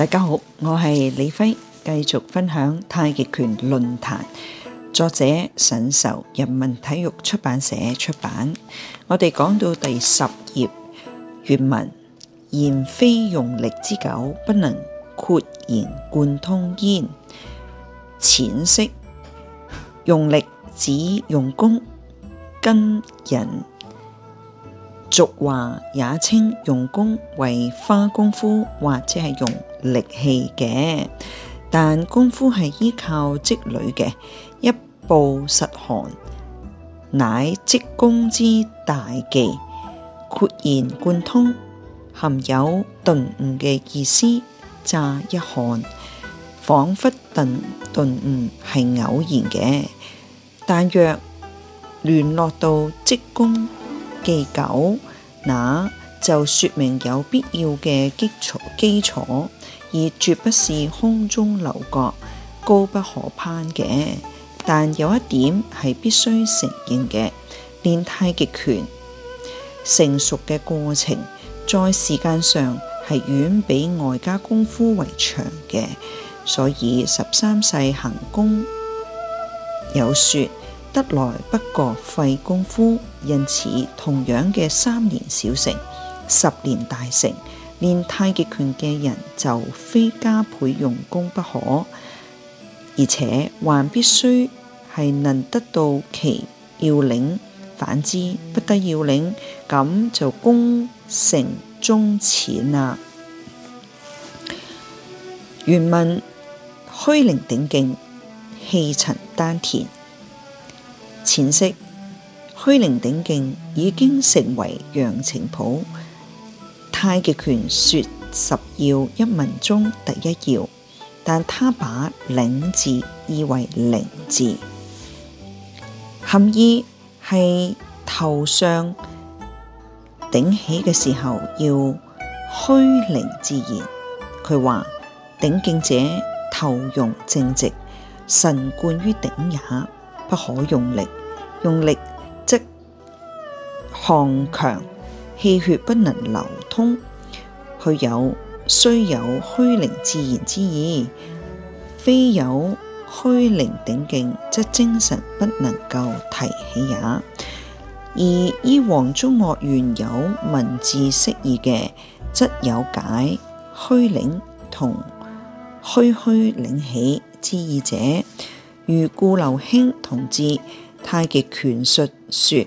大家好，我係李輝，繼續分享太極拳論壇，作者沈壽，人民體育出版社出版。我哋講到第十頁，原文言非用力之久，不能豁然貫通焉。淺釋：「用力指用功跟人。俗話也稱用功為花功夫或者係用力氣嘅，但功夫係依靠積累嘅。一曝十寒，乃積功之大忌。豁然貫通，含有頓悟嘅意思。乍一看，彷彿頓頓悟係偶然嘅，但若聯絡到積功既久。那就說明有必要嘅基礎基礎，而絕不是空中樓閣、高不可攀嘅。但有一點係必須承認嘅，練太極拳成熟嘅過程，在時間上係遠比外家功夫為長嘅。所以十三世行功有說。得來不過費功夫，因此同樣嘅三年小成、十年大成，練太極拳嘅人就非加倍用功不可，而且還必須係能得到其要領。反之，不得要領，咁就功成終淺啦。原文虛靈頂勁，氣沉丹田。淺釋虛靈頂勁已經成為楊澄甫太極拳說十要一文中第一要，但他把“領”字意為“靈”字，含義係頭上頂起嘅時候要虛靈自然。佢話頂勁者頭容正直，神貫於頂也，不可用力。用力即亢強，氣血不能流通，去有雖有虛靈自然之意，非有虛靈頂勁，則精神不能夠提起也。而依王宗岳原有文字釋義嘅，則有解虛靈同虛虛領起之意者，如顧留馨同志。太極拳術説：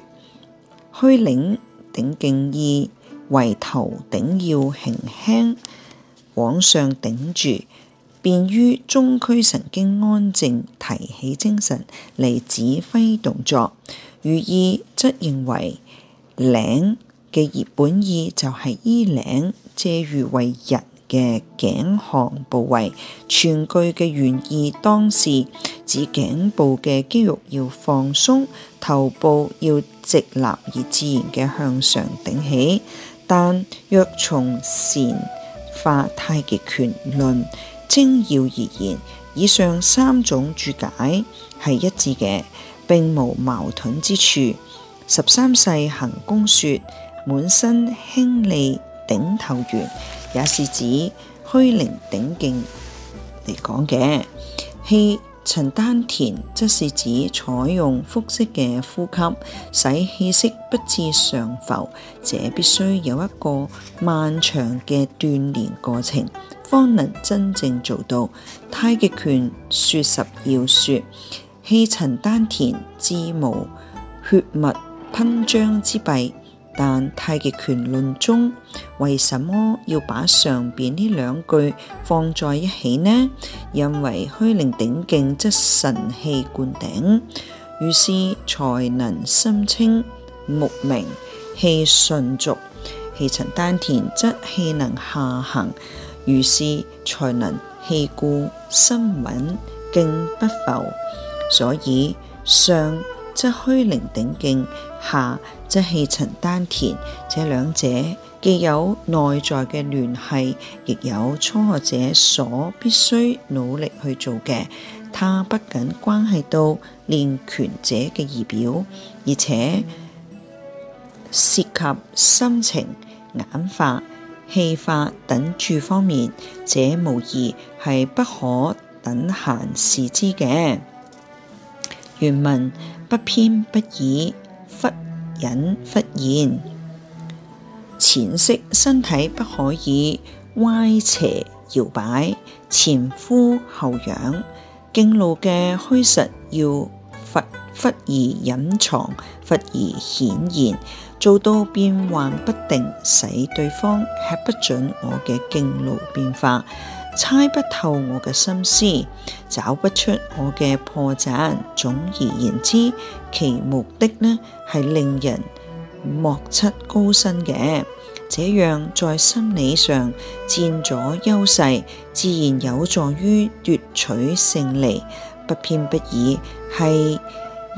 虛領頂勁，意為頭頂要輕輕往上頂住，便於中樞神經安靜，提起精神嚟指揮動作。寓意則認為領嘅日本意就係衣領，借喻為人嘅頸項部位。全句嘅原意當是。指頸部嘅肌肉要放鬆，頭部要直立而自然嘅向上頂起。但若從《善化太極拳論精要》而言，以上三種注解係一致嘅，並無矛盾之處。十三世行功說，滿身輕利頂頭圓，也是指虛靈頂勁嚟講嘅氣。沉丹田，則是指採用腹式嘅呼吸，使氣息不致上浮。這必須有一個漫長嘅鍛鍊過程，方能真正做到。太極拳説十要説，氣沉丹田，自無血脈噴張之弊。但《太極拳論》中，為什麼要把上邊呢兩句放在一起呢？因為虛靈頂勁，勁則神氣灌頂，於是才能心清目明，氣順足；氣沉丹田則氣能下行，於是才能氣固心穩，勁不浮。所以上。則虛靈頂勁，下則氣沉丹田，這兩者既有內在嘅聯繫，亦有初學者所必須努力去做嘅。它不僅關係到練拳者嘅儀表，而且涉及心情、眼法、氣法等諸方面，這無疑係不可等閒視之嘅。原文。不偏不倚，忽隱忽現；前式身體不可以歪斜搖擺，前俯後仰。勁路嘅虛實要忽忽而隱藏，忽而顯現，做到變幻不定，使對方吃不準我嘅勁路變化。猜不透我嘅心思，找不出我嘅破綻。總而言之，其目的呢，係令人莫測高深嘅。這樣在心理上佔咗優勢，自然有助於奪取勝利。不偏不倚，係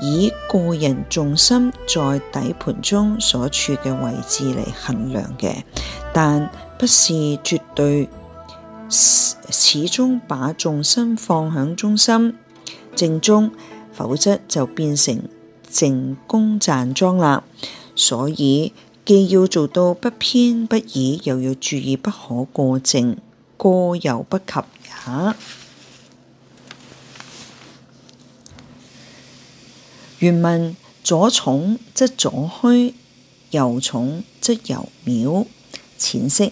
以個人重心在底盤中所處嘅位置嚟衡量嘅，但不是絕對。始終把重心放響中心正中，否則就變成靜功站樁啦。所以既要做到不偏不倚，又要注意不可過正，過猶不及也。原文，左重則左虛，右重則右杳。淺釋。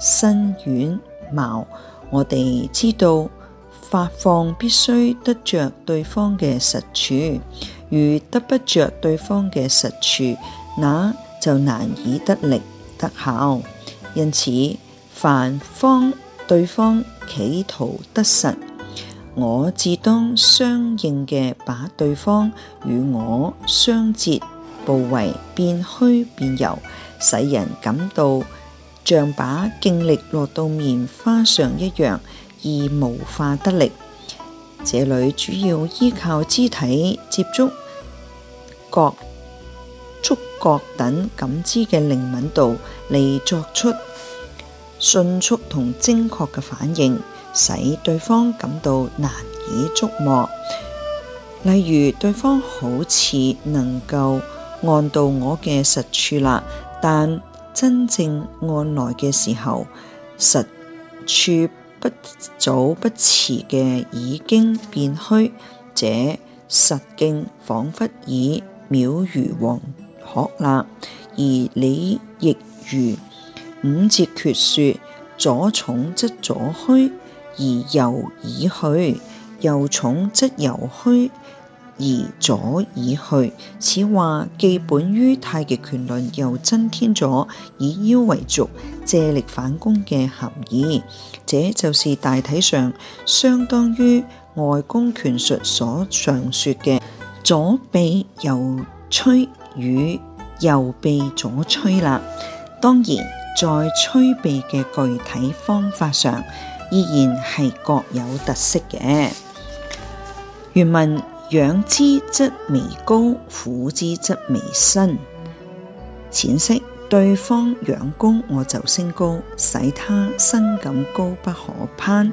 身遠貌，我哋知道發放必須得着對方嘅實處，如得不着對方嘅實處，那就難以得力得巧。因此，凡方對方企圖得實，我自當相應嘅把對方與我相接部位變虛變柔，使人感到。像把勁力落到棉花上一樣，而無法得力。這裏主要依靠肢體接觸、觸覺等感知嘅靈敏度嚟作出迅速同精確嘅反應，使對方感到難以捉摸。例如，對方好似能夠按到我嘅實處啦，但...真正按來嘅時候，實處不早不遲嘅已經變虛，者實境仿佛已渺如黃鶴啦。而你亦如五節訣說：左重則左虛，而右已去；右重則右虛。而左以去，此話既本於《太極拳論》，又增添咗以腰為軸、借力反攻嘅含義。這就是大體上相當於外功拳術所常說嘅「左臂右催與右臂左催」啦。當然，在催臂嘅具體方法上，依然係各有特色嘅。原文。仰之則彌高，俯之則彌深。淺釋：對方仰高，我就升高，使他深感高不可攀；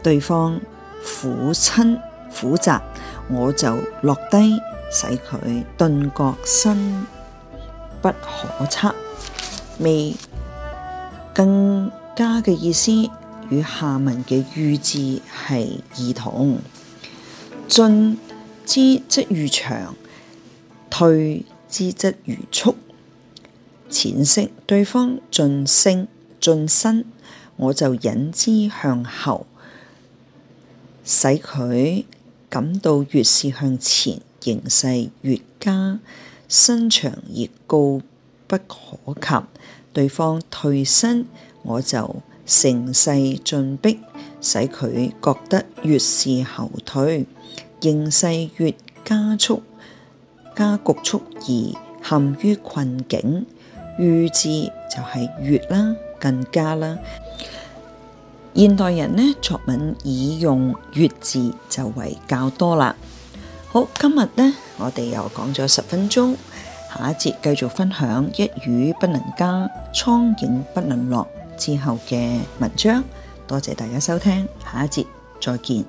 對方俯親俯窄，我就落低，使佢頓覺深不可測。彌，更加嘅意思，與下文嘅愈字係異同。進。知即如長，退知即如速淺釋，對方進聲進身，我就引之向後，使佢感到越是向前，形勢越加身長越高不可及；對方退身，我就乘勢進逼，使佢覺得越是後退。形勢越加速，加局促而陷於困境。愈字就係越啦，更加啦。現代人呢，作文以用越字就為較多啦。好，今日呢我哋又講咗十分鐘，下一節繼續分享一羽不能加，蒼蠅不能落之後嘅文章。多謝大家收聽，下一節再見。